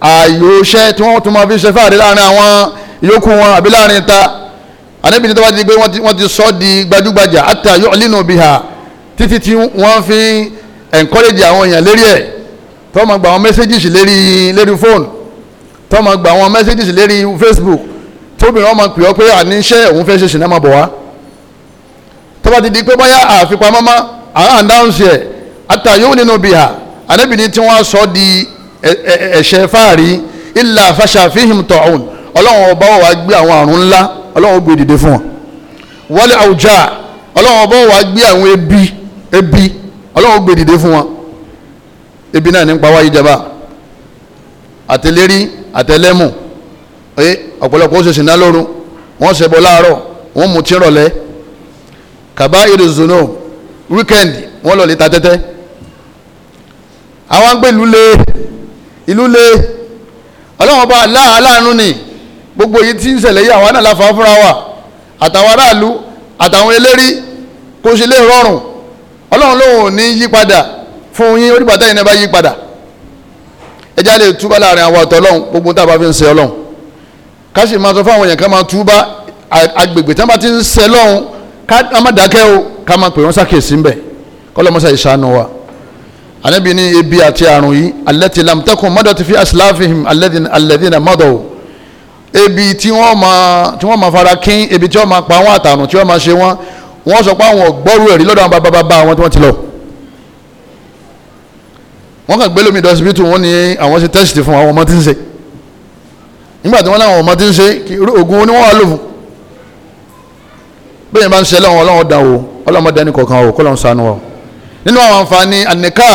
ààyò iṣẹ́ tí wọ́n tún máa fi ṣe fáàrí láàrin àwọn yòókù wọn àbí láàrin ta anabi ní tó bá pé wọ́n ti sọ di gbajúgbajà àtà yu'linu biha títí tí wọ́n fi encourage àwọn èèyàn lérí ẹ̀ tó máa gba àwọn messages lérí lérí phone tó máa gba àwọn messages lérí Facebook tóbìnrin wọn máa pè ọ́ pé àníṣe òun fẹ́ ṣe ṣìnà máa bọ̀ wá tó bá ti di pé bóyá àfipamọ́ mọ́ àwọn àdáhùnsì ẹ̀ àtàyò nínú bìhà àdébìnrin tí wọ́n sọ di ẹ̀ṣẹ̀ fáàrí ilà fàṣàfihìm tọ̀hún ọlọ́run ọba wa gbé àwọn àrùn ńlá ọlọ́run gbé dìde fún wọn wọlé àwùjá ọlọ́run ọba wa gbé àwọn ebi ebi ọlọ́run gbé dìde fún wọn ebi náà ní ń pa wáyé jaba àtẹlérí àtẹlẹ́mù ẹ ọ̀pọ̀lọpọ̀ ó ṣe ṣìnà lóru wọ́n ṣẹbọ láàárọ̀ wọ́n mú tí rọ̀lẹ́ kàbá ìrìnzónò wíkẹ́ndì wọ́n lọ lè ta tẹ́tẹ́ àwọn gbé ìlú le ìlú le ọlọ́run bá aláàánú ni gbogbo yìí tí ń ṣẹlẹ̀ yìí àwa náà láfa fúnra wa àtàwọn aráàlú àtàwọn eléré kó ṣe lè rọrùn ọlọ́run lòun ò ní yí padà fún yín orípàtà yìí náà bá yí padà ẹja lè túbá láàrin àwọn àtọ ọlọ́run gbogbo tá a bá fi ń ṣe ọlọ́run ká sì máa sọ fún àwọn èèyàn ká máa túbá agbègbè tí wọ́n bá ti ń ṣe lọ́hùn ká má dákẹ́ o ká máa pè wọ́n sákèsí ńbẹ̀ kọ́lọ́mọ́sá ìṣàánú wa anabi ni ebi àti àrùn yìí alẹ́tì lamtẹ́kùn mọ́dọ̀ ti fi asilafihim alẹ́dínà mọ́dọ̀ o ebi tí wọ́n máa fara kín ebi tí wọ́n máa pa wọ́n àtàrùn tí wọ́n máa ṣe wọ́n wọ́n sọ pé àwọn ọ̀gbọ́rú ẹ̀rí lọ́dọ̀ àwọn bàbá bàbá àwọn tí wọ́n ti lọ wọ́n kàn gbé lómi dọ́sibítù wọ́n ní àwọn ṣe tẹ́sítì fún àwọn ọmọ tí ń ṣe nígbà tí wọ́n láwọn ọmọ tí ń ṣe oògùn oní wọ́n wà lò fún bẹ́ẹ̀ bá ń ṣe lọ́wọ́ ọlọ́wọ́ dàn o ọlọ́mọ dání kọ̀ọ̀kan o kọ́ ló ń sanu wa nínú àwọn àǹfààní àníkà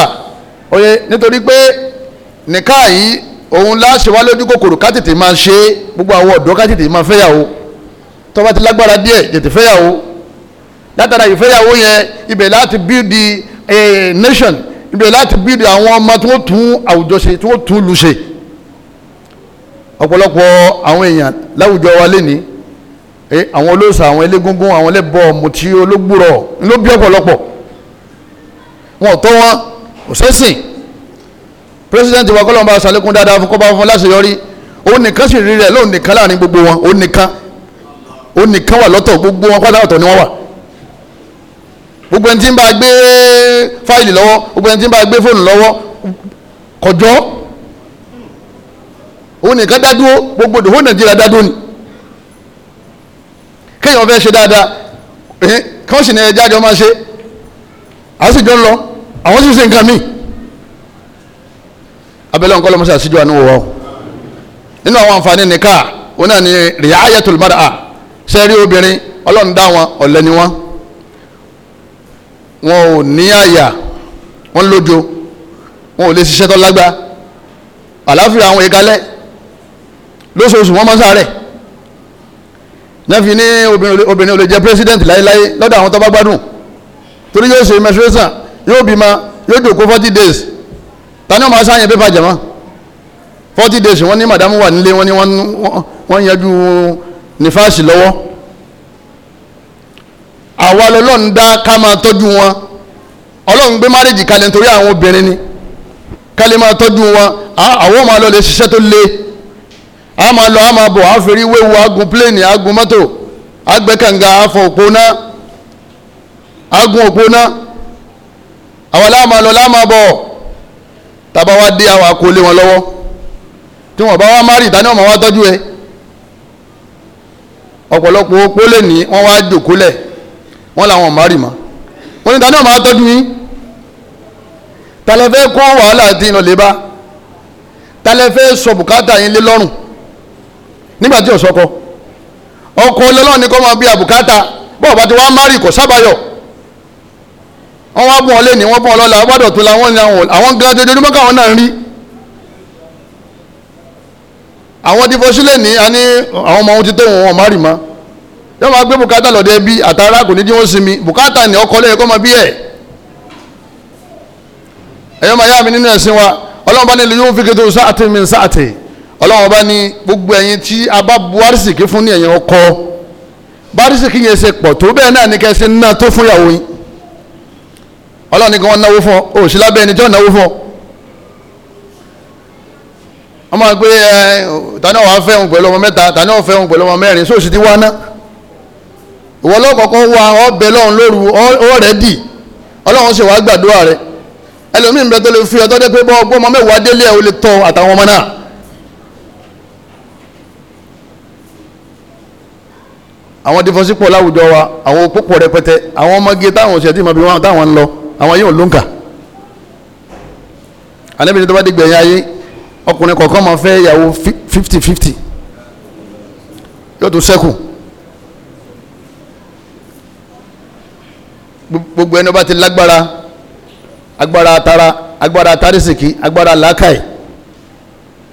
oye nítorí pé níkà yìí òun láṣẹ wá lójú kòkòrò ká tètè máa ṣe gbogbo àwọn ọ̀dọ́ ká tètè máa ti lágbára díẹ̀ tètè fẹ́yàwó látara ìfẹ́yàwó yẹn ibẹ̀ láti build the eh, nation ibẹ̀ láti build àwọn ọmọ tí wọ́n tún àwùjọ ṣe tí wọ́n tún lù ṣe ọ̀pọ̀lọpọ̀ àwọn èèyàn láwùjọ wa lé ní eh, àwọn olóòṣà àwọn elégúngún àwọn ẹlẹ́bọ mutí ológbòrò ló bí ọ̀pọ̀lọpọ̀ wọn ò tọ́ wọn kò sẹ́sìn pírẹsidẹ́ntì wa kọ́lọ́mù bá ṣàlékún dáadáa fún kọ́ba fún láṣeyọrí òun nìkan sì rí rẹ̀ lóun nìkan láàrin gbogbo wọn òun nìkan òun nìkan wà lọ́tọ̀ gbogbo wọn pátá ọ̀tọ̀ ni wọ́n wà gbogbo ẹni tí ń bá gbé fáìlì lọ́wọ́ gbogbo ẹni tí ń bá gbé fóònù lọ́wọ́ kọjọ́ òun nìkan dádúró gbogbo ìdòwò nàìjíríà dádúró ni kéèyàn fẹ́ ṣe dáadáa ẹ̀hìn kí wọ́n sì ní ẹja àjọ máa ṣe àwọn ń lọ àwọn sì ṣe nǹkan míì abẹ́lẹ́ ọ̀nkọ́ lọ́mọ́sí àṣìjọ àánú wọ̀ nínú àwọn àǹfààní nìka òun náà ni rìáyẹ̀tùlùmọ́ra ṣẹ́rí obìnrin ọlọ́run dá wọn ọ̀lẹ́ ni wọn ò ní àyà wọn lójo wọn ò lè ṣiṣẹ́ tó lágbá àláfíà àwọn ìkalẹ̀ lóṣooṣù wọn máa sáré náà fi ní obìnrin ò lè jẹ pírẹsidẹ́ǹtì láéláé lọ́dọ̀ àwọn tó bá gbádùn torí yóò ṣe menstruation yóò bímọ yóò jòkó forty days tani wọn máa sáyẹn pépà jẹ̀mọ́ forty days wọn ní màdámù wà nílé wọn ni wọn yanjú nífàsì lọ́wọ́ àwa lọ́lọ́run dá ká máa tọ́jú wọn ọlọ́run gbé márèjì kalẹ̀ nítorí àwọn obìnrin ni ká lè máa tọ́jú wọn àwọn máa lọ lè le a máa lọ a máa bọ̀ wéwu agun pléènì agun mọ́tò agbẹ́kànga afọ òpóná agun òpóná àwọn láàmà lọ láàmà bọ̀ tàbá wa dé àwọn akólé wọn lọ́wọ́ tí wọn bá wá ọmọ wa tọ́jú ẹ ọ̀pọ̀lọpọ̀ opó lè ní wá jòkó lẹ̀ wọ́n làwọn ọ̀mọ́ rì mọ́ wọ́n ní ta ni ọ̀mọ́ atọ́jú yín kó wàhálà tí iná lè bá sọ bùkátà yín lé lọ́rùn nígbà tí ò sọkọ ọkọ ọlọ́run ni kò máa bí àbùkátà bọ́ọ̀ bá ti wá márì kò sábàyọ̀ wọ́n wá bùn ọlẹ́ni wọ́n bùn ọlọ́la tó la wọ́n àwọn gan dojoojúmọ́ káwọn náà ń rí àwọn ti sílẹ̀ ní àní àwọn ọmọ yóò ma gbé bukata lọ bí àtàrà kò ní jí wọ́n sinmi bùkátà ní ọkọ lẹ́yìn kọ́ máa bí mi nínú wa ọlọ́run bá ní yóò fi sáàtì mi sáàtì ọlọ́run bá gbogbo ẹ̀yin tí a bá bu arísìkí fún ní ẹ̀yin ọkọ bárísìkí yẹn ṣe pọ̀ tó bẹ́ẹ̀ náà ní kẹsì náà tó fún ìyàwó yín ọlọ́run ní kí wọ́n náwó fún ọ òṣìlá bẹ́ẹ̀ ni tí wọ́n náwó fún ọ ọmọ gbé ẹ tani òun ọmọ tani òun ìwọ lọ́kọ̀ọ̀kan wa ọbẹ̀ lọ́hùn lóru ọ̀rẹ́dì ọlọ́run ṣe wàá gbàdúrà rẹ ẹlòmíì ń bẹ tó lè fi ọtọ́ dé pé bọ́ ọgbọ́n ọmọ mẹ́wàá délé ẹ̀ ó lè tọ́ àtàwọn ọmọ náà. àwọn dífọ́sí pọ̀ láwùjọ wa àwọn opó pọ̀ rẹpẹtẹ àwọn ọmọge táwọn òṣèlú tí mo bí wọn táwọn ń lọ àwọn yóò ló ń kà. àlẹ́bìnrin tó bá dìgbẹ̀ yẹn ayé ọkùnrin kọ̀ọ̀kan máa fẹ́ ìyàwó fifty fifty yóò tún sẹ́kù gbogbo ẹni ọba ti lágbára agbára atara agbára atarisiki, agbára làákàyè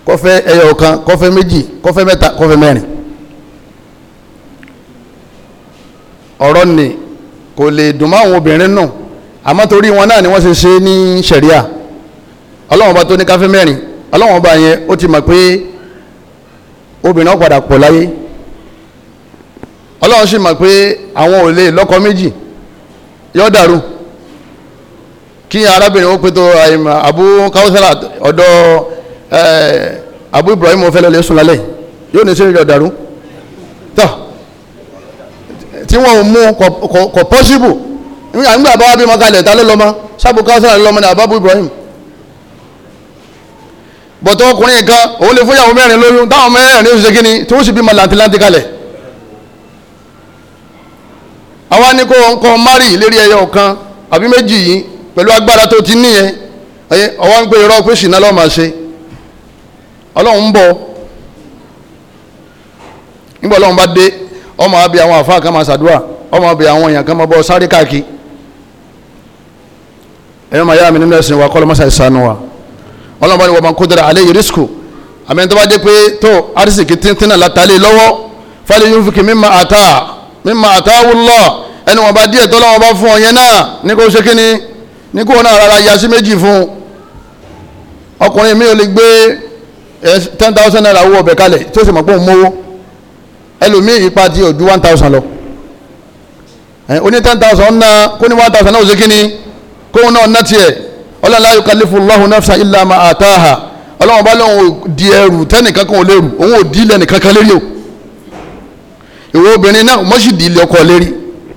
kọfẹ ẹyọ kan kọfẹ méjì kọfẹ mẹ́ta kọfẹ mẹ́rin ọ̀rọ̀ ni kò lè dùn mọ́ àwọn obìnrin náà àmọ́ torí wọn náà ni wọ́n ṣe ṣe ní ṣẹ̀ríà ọlọ́wọ́n bá tó ní káfẹ́ mẹ́rin ọlọ́wọ́n bá yẹn ó ti mọ̀ pé obìnrin náà pọ̀ láyé ọlọ́wọ́n sì mọ̀ pé àwọn ò lè lọ́kọ méjì yọ dàrú kí arábìnrin ó pétó um, abu Kausala, ọ̀dọ̀ abu ibrahim ọ̀fẹ́lẹ́ lè sùn lálẹ́ yóò ní sí yọ dàrú tọ́ tí wọ́n mú kò pọ́síbù nígbà bá wà bí makalẹ̀ ta ló lọ́mọ sábù kawusara lọ́mọ ní abu ibrahim bọ̀tọ̀ ọkùnrin kan òun lè fún ìyàwó mẹ́rin lóyún táwọn mẹ́rin ní oṣù kínní tí wọ́n sì bí ma làǹtìláǹtì kalẹ̀ àwa ní kó nǹkan mari lérí ẹyọ kan àbí méjì yìí pẹ̀lú agbára tó ti níyẹn ẹyẹ ọwọ́ ń pè irọ́ pé ṣìnà lọ́ọ́ máa ṣe ọlọ́run ń bọ̀ nígbà ọlọ́run bá dé ọmọ àbí àwọn àfa kan máa ṣàdúrà ọmọ àbí àwọn èèyàn kan máa bọ́ sáré káàkiri yá mi nínú wa kọ́ lọ́mọ́sá ìsànú wa ọlọ́run bá ní wọ́n máa kó dára yìí àmì ẹni tó bá dé pé tó mímọ àtàwùlọ ẹni wọn bá díẹ̀ tọ́lọ́ wọn bá fún ọ yẹn náà ní kó ṣe kí ní kó náà rárá ya sí méjì fún ọkùnrin mi ò lè gbé ten thousand naira owó ọbẹ̀ kalẹ̀ tí ó sì mọ̀ pé òun mówó ẹlòmíì ipa ti ò one thousand lọ oní ten thousand náà kó ní one thousand náà ó ṣe kí ni kóun náà ná tiẹ̀ ọlọ́run la yukallifu Allahu nafsan illa ma ataha ọlọ́run bá lóun di ẹrù tẹ́nìkan kan ò lérù òun ò di ilẹ̀ nìkan kan lérí o ìwọ obìnrin náà mọ́ sì di ilé ọkọ lérí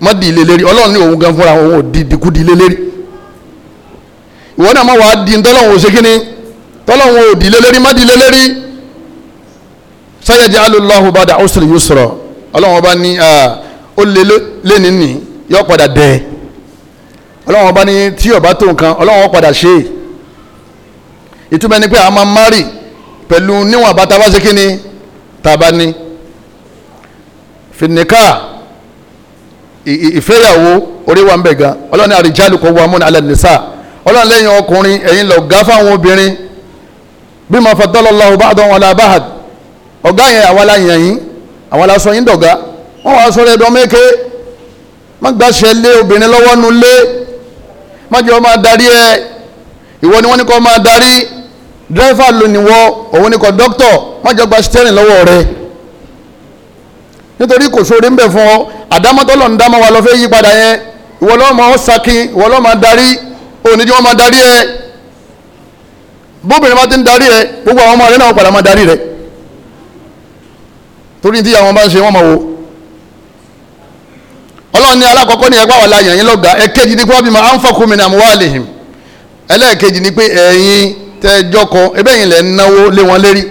mọ́ di ilé lérí ọlọ́run ní òun gan fúnra òun ò di ìdìkú di ilé lérí ìwọ náà mọ́ wàá di tọ́lọ́run ò ṣe kí ni tọ́lọ́run ò di ilé lérí mọ́ di ilé lérí sọ́yẹ́jẹ́ alùlọ́hùn bá da ọ̀sùn yìí sọ̀rọ̀ ọlọ́run ọba ní ó lé lẹ́ni nì yọ padà dẹ̀ ọlọ́run ọba ní tí ọba tó nǹkan ọlọ́run padà ṣe ìtumọ̀ ni pé a máa márì pẹ̀lú níwọ̀n bá tá ṣe kí ni tá a fìníkà ìfẹ́yàwó orí wa ń bẹ̀ gan ọlọ́ni àrìjálù kò wà mọ́ni alẹ́ nìsá ọlọ́ni lẹ́yìn ọkùnrin ẹ̀yin lọ gá fáwọn obìnrin bí mo fọdọ́lọ́ lọ́wọ́ bá dán wọn la báhà ọ̀gá yẹn àwa la yàn yín àwa la sọ yín dọ̀gá wọ́n wàá sọ ẹ̀dọ́ méke má gbàṣẹ lé obìnrin lọ́wọ́ nu lé má jẹ́ ọ máa darí ẹ ìwọ ni wọ́n ní kọ́ máa darí dírẹ́fà lónìí wọ òun ní kọ́ dókítọ̀ má jẹ́ gba stẹ́rìn lọ́wọ́ rẹ̀ nítorí kò sóore ń bẹ̀ fún ọ àdámọ́tọ́lọ̀ ń dámọ́ wa lọ fẹ́ yí padà yẹn ìwọ lọ́mọ sakin ìwọ lọ́mọ darí òní tí wọ́n máa darí ẹ bóbìnrin bá ti ń darí ẹ gbogbo àwọn ọmọ rẹ náà padà máa darí rẹ torí tí àwọn bá ń ṣe wọ́n máa wò ọlọ́run alákọ̀ọ́kọ́ ní ẹgbẹ́ àwọn aláyàn yín lọ́gàá ẹ̀kejì ni pé wọ́n bí ma anfaqu min amwalihim ẹlẹ́ẹ̀kejì ni pé ẹ̀yin tẹ́jọ́kọ ẹbẹ́yìn lẹ́ ń náwó lé wọn lérí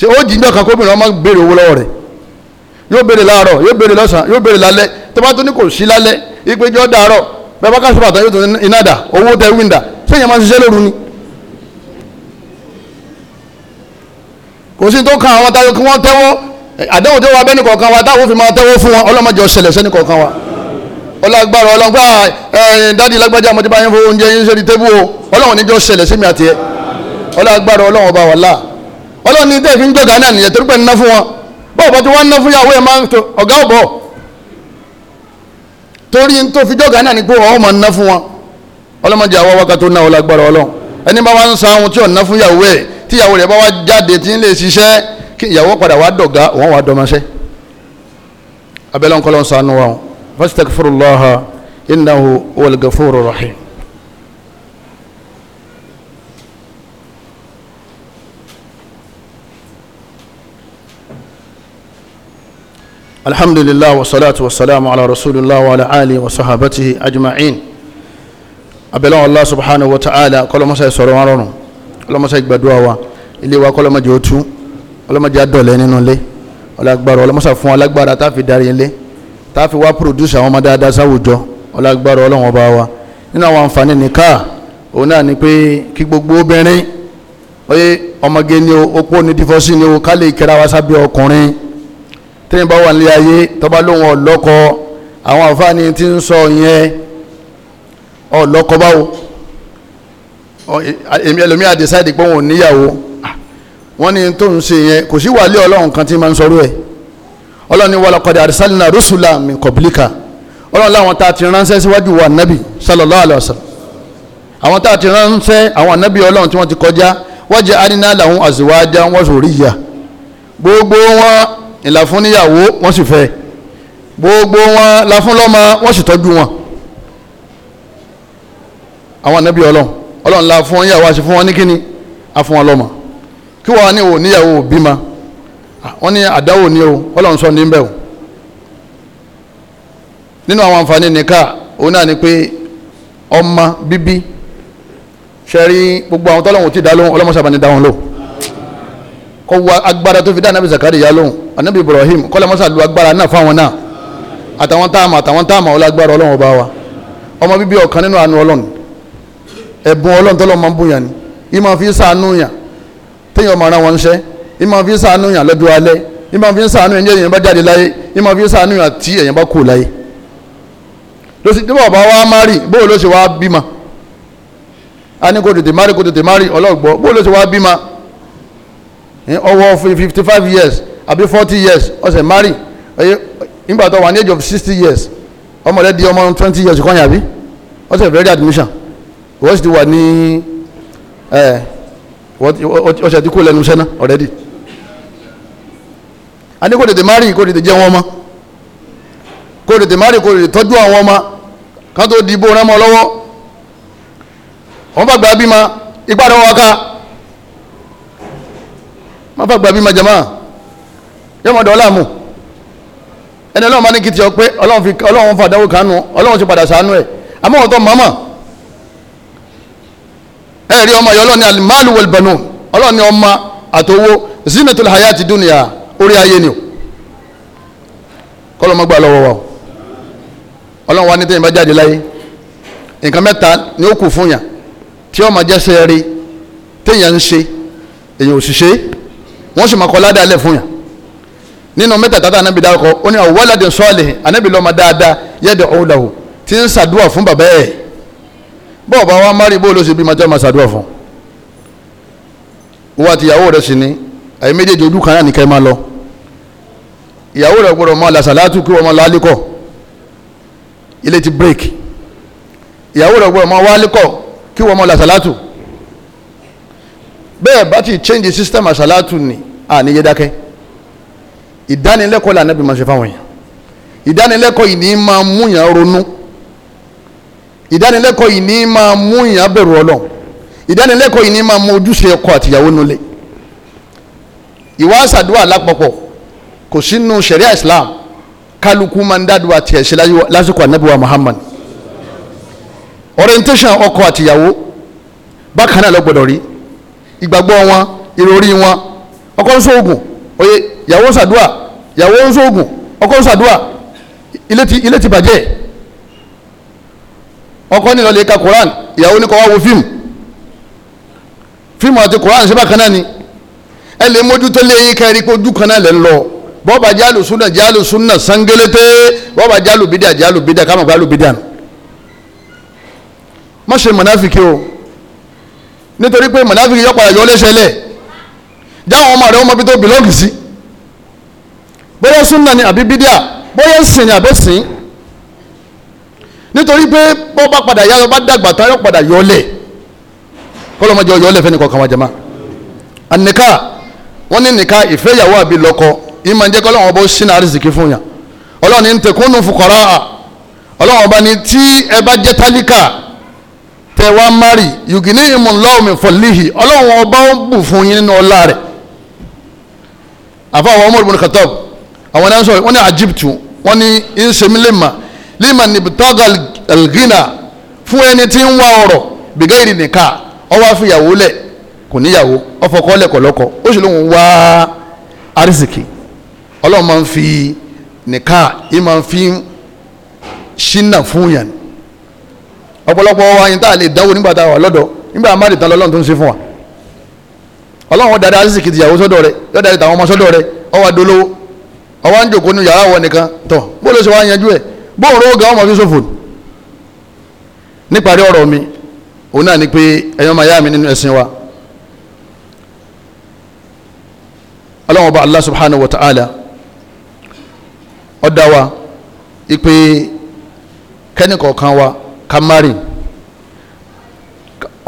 ṣé ó jìjọ́ kan kóbìnrin wọn máa gbèrè owó lọ́wọ́ rẹ̀ yóò béèrè láàárọ̀ yóò béèrè lọ́sàn yóò béèrè lálẹ́ tó bá tún ní kò sí lálẹ́ ìpéjọ dàárọ̀ bẹ́ẹ̀ bá kásùpà tán yóò tún iná dà owó tẹ wíńdà sẹ́yìn máa ṣiṣẹ́ lóru ni. kò sí tó kan àwọn táwọn kí wọ́n tẹ́wọ́ àdéhùn tó wà bẹ́ẹ̀ ní kọ̀ọ̀kan wa táwọn fi máa tẹ́wọ́ fún wọn ọlọ́mọdé ọ̀sẹ̀lẹ̀ sẹ́ni kọ̀ọ̀kan wa ọlágbára ọlọ́gbà ah, dádì lágbájá mo ti bá yín fún oúnjẹ yín sórí tébù o ọlọ́run níjọ́ ṣẹlẹ̀ sí mi àti ẹ ọlágbára ọlọ́run ọba wàlá ọlọ́run ní tẹ́ẹ̀ fi ń jọ̀gá náà nìyẹn torí pé ń ná fún wọn bọ́ọ̀ bá ti wá ná fúnyàwó ẹ̀ máa ń tó ọ̀gá ọ̀bọ̀ torí n tó fi jọ́gà náà ni pé ọ̀hún máa ná fún wọn ọlọ́mọdé àwọn wákàtí tó ná ọ lágbára ọlọ́run ẹni bá wá ń sa ohun tí ò ná fúnyàwó ẹ̀ tíyàwó rẹ̀ bá wá jáde tí ń lè ṣiṣẹ́ kí ìyàwó padà wá dọ̀gá òun wá dọ́mọṣẹ́ abẹ́lẹ́ ńkọ́lọ́ ń sànú wa fastagfirullaha innahu huwal ghafurur rahim الحمد لله والصلاة والسلام على رسول الله وعلى آله وصحابته أجمعين abẹ́lẹ́ Allah subhanahu wa ta'ala kọlọmọsá ìsọ̀rọ̀ wọn rọrùn ọlọmọsá ìgbàdúrà wa ilé wa kọlọmọjẹ ó tú ọlọmọjẹ àdọ̀lẹ́ nínú ilé ọlágbára ọlọmọsá fún alágbára tá a fi darí ilé tá a fi wá pòròdúsà àwọn ọmọ dáadáa sáwùjọ ọlágbára ọlọ́wọ́n bá wa nínú àwọn àǹfààní nìka òun náà ni pé kí gbogbo obìnrin ọmọge ni opó ni dífọ́sí ni o ká lè kẹra wa sábẹ́ ọkùnrin tẹ́yìn bá wà nílé ayé tọ́ba lóun ọ̀lọ́kọ àwọn àǹfààní tí ń sọ yẹn ọ̀lọ́kọ báwo èmi ẹlòmíà decide pé òun níyàwó ah, wọ́n ní tó ń ṣe yẹn kò sí wàlẹ́ ọlọ́run kan tí máa ń sọrú ẹ̀ ọlọ́run ní ọlọ́run láwọn tá a ti ránṣẹ́ síwájú wa nábì sallallahu alaihi àwọn tá a ti ránṣẹ́ gbogbo wọn ńlá fún níyàwó wọ́n sì fẹ́ gbogbo wọn la fún lọ́mọ wọ́n sì tọ́jú wọn àwọn ànábì ọlọ́run ọlọ́run la fún níyàwó àti fún wọn ní kíni a fún wọn lọ́mọ kí wọ́n ní wò níyàwó bímọ wọ́n ní àdáwò ní o ọlọ́run sọ ní bẹ́ẹ̀ o nínú àwọn àǹfààní nìka òun náà ni pé ọmọ bíbí ṣe gbogbo àwọn tọ́lọ́wọ̀n ti dá lóhùn ọlọ́mọ sábà ní dá wọn lóhùn kọ́ wa agbára tó fi dá anabi Zakariya lóhùn anabi Ibrahim kọ́lá mọ́sá lu agbára náà fáwọn náà àtàwọn táàmà àtàwọn táàmà ọlọ́ agbára ọlọ́run ọba wa ọmọ bíbí ọ̀kan nínú àánú ọlọ́run ẹ̀bùn ọlọ́run tọ́lọ́ máa ń bùn yàn ni ìmọ̀ fi sànú yàn téèyàn ọmọ ara wọn ń ṣẹ́ ìmọ̀ fi sànú yàn lọ́dún alẹ́ ìmọ̀ fi sànú yàn jẹ́yìn bá jáde láyé ìmọ̀ fi sànú yàn tí èyàn bá kú láyé lọ́sí tí bàbá wa wá a ní kó tètè má kó tètè má rì ọlọ́gbọ́ bóòlù ó ṣe wá bímọ Eh, ọwọ́ fifty five years àbí forty years ọ̀sẹ̀ marry ọ̀yẹ́ nígbà tó wà ní age of sixty years ọmọ rẹ di ọmọ twenty years kọ́ yàbí ọ̀sẹ̀ very admission wọ́n sì ti wà ní ọ̀sẹ̀ tí kò lẹ́nu iṣẹ́ náà already a ní kó tètè marry kó tètè jẹ́ wọn ọmọ kó tètè marry kó tètè tọ́jú àwọn ọmọ ká tó di bó rán mọ́ lọ́wọ́ wọ́n bá gbà ma, ipá rẹ̀ wọ́n ká wọ́n fà gbà bí majama yóò mọ̀ dọ̀ ọ́ ẹni ọlọ́run bá kìtì ọ pé ọlọ́run fi ọlọ́run fà dáwọ́ kánú ọlọ́run ti padà sànú ẹ̀ àmọ́ ọ̀tọ̀ màmá ẹ rí ọmọ yìí ọlọ́run ní wẹlbẹ̀nù ọlọ́run ọmọ àtowó zinatul hayati dunia orí ayé ni o kọ́ ló mọ́ gbà lọ́wọ́ wa o wa ní tẹ́yìn bá jáde láyé nǹkan mẹ́ta ni ó kù fún yàn tí ọmọ jẹ́ sẹ́ẹ̀rí téèyàn ń ṣe èèyàn ò sì ṣe é wọ́n sì máa kọ́ ládàá lẹ̀ fún yàn nínú mẹ́tẹ̀ẹ̀ta tá anábì dárúkọ ó ní ọ̀wọ́ládé sọ́ọ̀lì anábì lọ́mọ dáadáa yẹ́dẹ̀ ọ̀húnláhù tí ń ṣàdúrà fún bàbá ẹ̀ bọ́ọ̀ bá wa mari bó ló ṣe bímọ tí wọ́n máa ṣàdúrà fún wọ́n àti ìyàwó rẹ̀ sì ni àyè méjèèjì ojú kan náà ní kẹ́ máa lọ ìyàwó rẹ̀ gbọ́dọ̀ máa làṣàlátù kí wọ́n máa lálẹ́kọ̀ ilé ti break ìyàwó rẹ̀ gbọ́dọ̀ máa wálẹ́kọ̀ kí wọ́n máa làṣàlátù bẹ́ẹ̀ bá ti change system àṣàlátù ni àníyé dákẹ́ ìdánilẹ́kọ̀ọ́ là nẹ́bí máa ṣe fáwọn èèyàn ìdánilẹ́kọ̀ọ́ yìí ní máa mú yàn ronú ìdánilẹ́kọ̀ọ́ yìí ní máa mú yàn bẹ̀rù ọlọ́run ìdánilẹ́kọ̀ọ́ yìí ní máa mú ojúṣe ọkọ àtìyàwó nulẹ̀ ìwà àṣàdúrà lápapọ̀ kò sínú ṣẹ̀ríà Islam kálukú máa ń dádùá tiẹ̀ ṣe lásìkò anábìwá Muhammad orientation ọkọ àtìyàwó bákan náà ló rí ìgbàgbọ́ wọn ìròrí wọn ọkọ ń sóògùn oye ìyàwó ń sàdúà ìyàwó ń sóògùn ọkọ ń sàdúà ilé ti ilé ti bàjẹ́ ọkọ ní lọ́lẹ̀ ka Quran ìyàwó ní kọ́ wá wo fíìmù fíìmù àti Quran ṣe bákan náà ni ẹ lè mójútó léyìn kẹrin pé ojú kan náà lè lọ bọ́ọ̀bà jálù súnà jálù súnà sangelete bọ́ọ̀bà Jalu bídà Jalu bídà Kama Jalu bídà má ṣe mọ̀náfíkì o nítorí pé mọ̀nàfíkì yọ padà yọ léṣẹlẹ̀ jáwọn ọmọ rẹ̀ ọmọ bí tó bìlọ́ọ̀gì sí bóyá súnà ni àbí bídíà bóyá sìn ni àbí sìn nítorí pé bó bá padà yá lọ bá dàgbà tán yọ padà yọ lẹ̀ kọ́lọ́mọdé yọ lẹ̀ fẹ́ni kọ̀ọ̀kan wa jẹ́ ma àníkà wọ́n ní nìka ìfẹ́yàwó àbí lọ́kọ ìmọ̀ jẹ́ kọ́lọ́wọ́n bó ṣínà àrísìkí fún yàn ọlọ́run ní tẹkùnú fukọ́ra ọlọ́run ọba ní tí ẹ bá jẹ́ tálíkà tẹ wá mari yugini imulawo mi fọlihi ọlọ́run ọba ń bù fún yín nínú ọlá rẹ̀ àfa àwọn ọmọ ìbùnú kàtọ́b àwọn ẹ̀dá ń sọ̀rọ̀ wọ́n ní àjíbìtì wọ́n ní ìṣèmí lèmà lèmà nìbìtọ́gà algina fún ẹni tí ń wá ọ̀rọ̀ bìgá ìrìn nìka ọwọ́ àfìyàwó lẹ̀ kò níyàwó ọfọkọ́ lẹ̀ kọ̀lọ́kọ́ ó sì lóun wá arísìkì ọlọ́run máa ń fi nìka ì ọ̀pọ̀lọpọ̀ wa yìí tá a lè dánwò nígbà tá a wà lọ́dọ̀ nígbà má lè tán lọ́lọ́run tó ń ṣe fún wa ọlọ́run dada sísì kìtì ìyàwó sọ́dọ̀ rẹ yóò dada tàwọn ọmọ sọ́dọ̀ rẹ ọwọ́ adolówó ọwọ́ ń jòkó nu yàrá wọ nìkan tọ̀ bó ló ṣe wá yanjú ẹ̀ bó ń rówó gan ọmọ fi ṣòfò níparí ọ̀rọ̀ mi òun náà ni pé ẹ̀yọ́ máa yá mi nínú ẹ̀sìn wa ọlọ́run ọba Allah subhanahu wa ta'ala ọ̀dà wa ìpè kẹ́nìkọ̀ọ̀kan wa Kamari, mari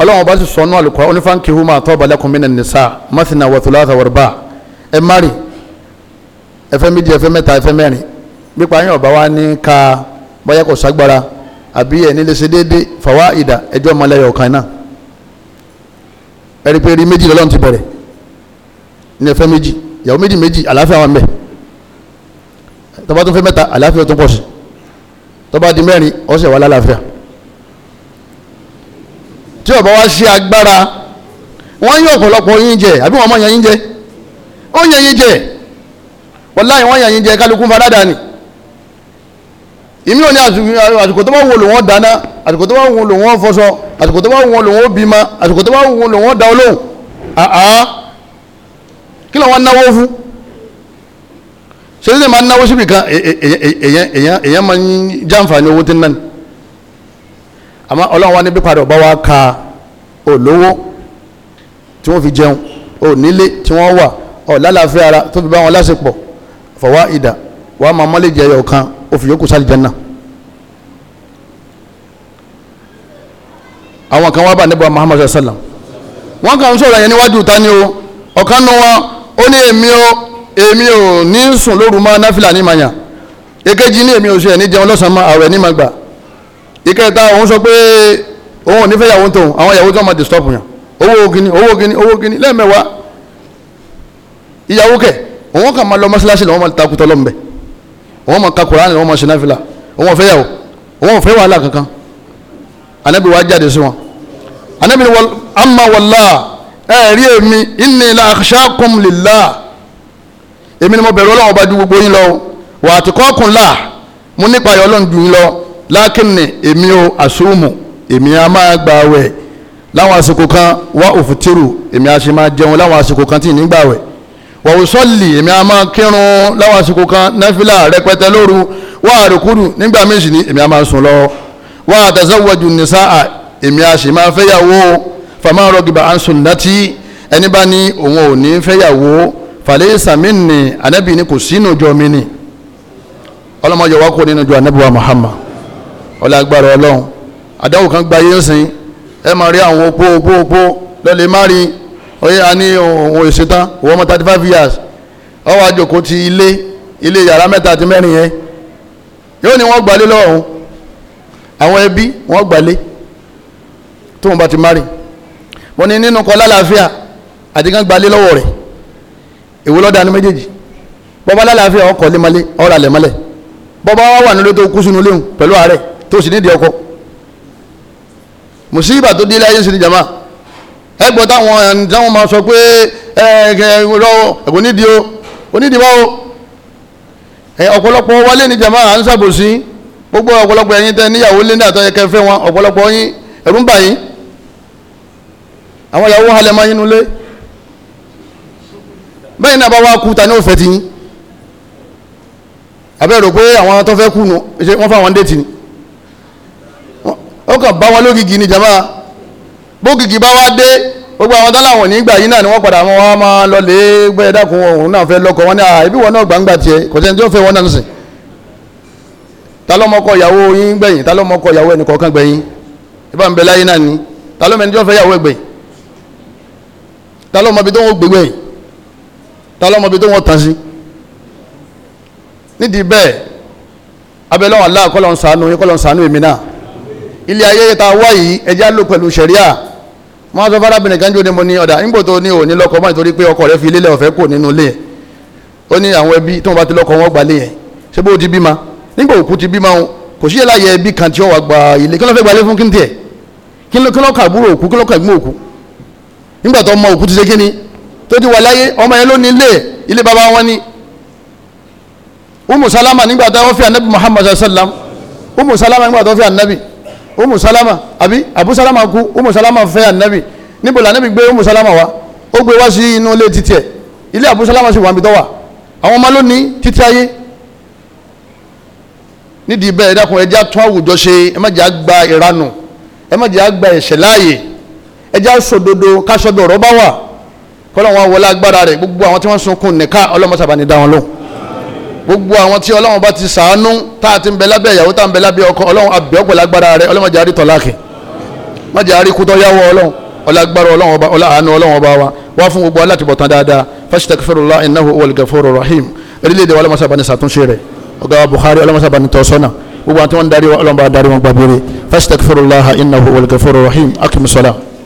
ọlọ́run bá sì sọnù àlùkò onífàǹkì huma tọ́ba lakum minan nisa mathna wa thulatha wa ruba ẹ mari ẹ fẹ́ méjì ẹ fẹ́ mẹ́ta ẹ fẹ́ mẹ́rin nípa yín ọba wa ní ka bóyá kò ságbára àbí ẹ̀ nílé ṣe déédéé fàwa ìdá ẹjọ́ ọmọlẹ́yọ̀ kan náà ẹ̀rí pé rí méjì lọ́lọ́run ti bẹ̀rẹ̀ ní ẹ méjì ìyàwó méjì méjì àlàáfíà wà ń bẹ tó fẹ́ mẹ́ta àlàáfíà tó pọ̀ sí tó di mẹ́rin ọ̀sẹ̀ wà lálàáfíà tí ọba wa ṣe agbára wọ́n yín ọ̀pọ̀lọpọ̀ yín jẹ àbí wọ́n mọ̀ yàn yín jẹ ó yàn yín jẹ wàláhì wọ́n yàn yín jẹ kálukú farada ni ìmí ò ní àsìkò tó bá wù lòun dáná àsìkò tó bá wù lòun fọṣọ àsìkò tó bá wù lòun bímọ àsìkò tó bá wù lòun dá olóhùn àá kí làwọn náwó fún ṣe ní ma náwó síbi kan èèyàn máa ń jàǹfààní owó tí ń náà àmọ́ ọlọ́run wa níbi padà ọba wa ka olówó tí wọ́n fi jẹun onílé tí wọ́n wà ọ̀làlàfẹ́ ara tó fi bá wọn lásìpọ̀ fọwọ́ ìdà wàá máa mọ́lẹ̀ jẹ́ ẹyọ kan ó fi yókù sálì jẹ́nà. àwọn kan wá bá níbo Muhammadu sallam wọn kàn ń sọ̀rọ̀ yẹn níwájú ta ni o ọ̀kan nu wọn ó ní èmi o èmi ò ní sùn lóru mọ́ náfìlà ní màyà èkejì ní èmi ò sùn ẹ̀ ní jẹun lọ́sàn-án mọ́ àwẹ̀ ní màgbà ìkẹta òun sọ pé òun ò ní fẹ́ yàwó tóun àwọn yàwó tó máa disturb yàn owó gini owó gini owó gini lẹ́ẹ̀mẹ́wàá ìyàwó kẹ̀ òun kàn máa lọ mọ́ṣáláṣí lọ́wọ́ máa takùtọ̀ lọ́nbẹ̀ òun máa ka kuraani òun máa ṣe náfìlà òun ò fẹ́ yàwó òun ò fẹ́ wàhálà kankan anabi wa jáde sí wọn anabi ni amma wallahi ẹ rí èmi inni la akhshakum lillah èmi ni mo bẹ̀rù ọlọ́run ọba ju gbogbo yín lọ wà á ti kọ́ kun la mo nípa ayọ̀ ọlọ́run ju yín lọ lákìnnì èmi ò àsùnmù èmi a máa gbààwẹ̀ láwọn àsìkò kan wá òfútìrù èmi a sì máa jẹun láwọn àsìkò kan tí ì ní gbààwẹ̀ wọ̀wùsọ́lì èmi a máa kírun láwọn àsìkò kan náfìlà rẹpẹtẹ lóru wá àrùkúrù nígbà míì sì ni èmi a máa sùn lọ wá àtẹ̀sẹ́wọ̀jù nìsáà èmi a sì máa fẹ́yàwó fàmà rọgìbà ansun nàti ẹni òun ò ní fẹ́yàwó fàlẹ́ sàmínì ànábì kò sínú jọ mi ni ọlọ́mọ yọ kó nínú jọ ànábì Muhammad ọlágbára ọlọ́run àdáwò kan gbayé ń sìn ẹ máa rí àwọn opó opó opó lọ́lẹ̀ má rí oyè a ní ohun ìṣetán òwò ọmọ thirty five years ọwọ́ àjòkó ti ilé ilé yàrá mẹ́ta àti mẹ́rin yẹn yóò ní wọ́n gbalé lọ́rùn àwọn ẹbí wọ́n gbalé tó wọn bá ti má rí wọn ní nínú kọ lálàáfíà àti kan gbalé lọ́wọ́ rẹ̀ èwo lọ́dà ní méjèèjì bọ́bá lálàáfíà ọkọ̀ lé malé ọ̀rọ̀ àlẹ̀ malẹ̀ bọ́bá wà nílé tó kú sínú léwu pẹ̀lú àárẹ̀ tó sì nídìí ọkọ mùsíbà tó délé ayé ń sinmi jama ẹ gbọ́ táwọn ẹni táwọn máa sọ pé ẹ ẹ lọ́wọ́ ẹ̀kọ́ nídìí o onídìí báwo ẹ ọ̀pọ̀lọpọ̀ wálé ní jama à ń ṣàbòsí gbogbo ọ̀pọ̀lọpọ̀ ẹ̀yin tẹ níyàwó lé ní àtọ́yẹ kẹfẹ́ wọn ọ̀pọ̀lọpọ̀ yín ẹ̀rú ń bà yín àwọn ìyàwó halẹ̀ máa yínú lé bẹ́ẹ̀ náà bá wá kú ta ní òfẹ́ ti yín àbẹ́rò pé àwọn tó fẹ́ kú nù wọ́n fáwọn déètì ni ó kàn bá wọn lógìgì ní jama bá wá dé gbogbo àwọn táláwọn nígbà yìí náà ni wọ́n padà wọn máa lọ lé gbẹ́yẹ e dákun òun náà fẹ́ lọ́kọ wọn ní àà ibi wọn náà gbangba tiẹ̀ kò sẹ́ni tí ó fẹ́ wọn náà sìn ta ìyàwó yín gbẹ̀yìn ta ìyàwó ẹnì kọ̀ọ̀kan gbẹ̀yìn ibà ń bẹ láyé náà ni tí ìyàwó tó wọn tó wọn tàn sí ilé ayé ta wá yìí ẹjẹ́ lò pẹ̀lú ṣẹ̀ríà wọ́n sọ fárábìnrin kan jò ní mo ní ọ̀dà nígbò tó ní òní lọ́kọ mọ́ nítorí pé ọkọ rẹ̀ fi lélẹ̀ ọ̀fẹ́ kò nínú ilé ẹ̀ ó ní àwọn ẹbí tó ń bá ti lọ́kọ wọn gbà lé ẹ̀ ṣé bó ti bímọ nígbà òkú ti bímọ òun kò sí ẹláyẹ ẹbí kan tí ó wà gba ilé kí ló fẹ́ gbalé fún kí n tiẹ̀ kí ló kà búrò òkú kí ló kà gbọ́n òkú nígbà tó ọmọ òkú ti ṣe kíni tó ti wà láyé ọmọ yẹn ló ní ilé ilé bàbá wọn ni umu salama nígbà tó fi anabi muhammad sallam umu salama nígbà tó fi anabi umu salama Abi, abu salama kú umu salama fẹ́ anabi níbo la anabi gbé umu salama wa ó gbé wá sí inú ilé títí ilé abu salama sì wà níbi tó wà àwọn ọmọ lónìí títí ayé nídìí bẹ́ẹ̀ dákun ẹja tún àwùjọ ṣe ẹ má jẹ́ àgbà ìranù ẹ má jẹ́ àgbà ẹ̀ṣẹ̀ láàyè ẹja sòdodo káṣọdọ̀ ọ̀rọ̀ bá wà kọ́lọ́ wọn wọlé agbára rẹ̀ gbogbo àwọn tí wọ́n sunkún nìka ọlọ́mọ sábà ní dá lóhùn gbogbo àwọn tí ọlọ́run bá ti sàánú tá a ti ń bẹ lábẹ́ ìyàwó tá a ń bẹ lábẹ́ ọkọ ọlọ́run àbẹ̀ ọ̀pọ̀ lágbára rẹ ọlọ́run jàrí tọ̀láàkì má jàrí kútọ́ yáwó ọlọ́run ọlágbára ọlọ́run ọba ọláàánú ọlọ́run ọba wa wá fún gbogbo alátìbọ̀tán dáadáa fastaghfirullah innahu huwal ghafurur rahim orílẹ̀-èdè wa ọlọ́mọṣà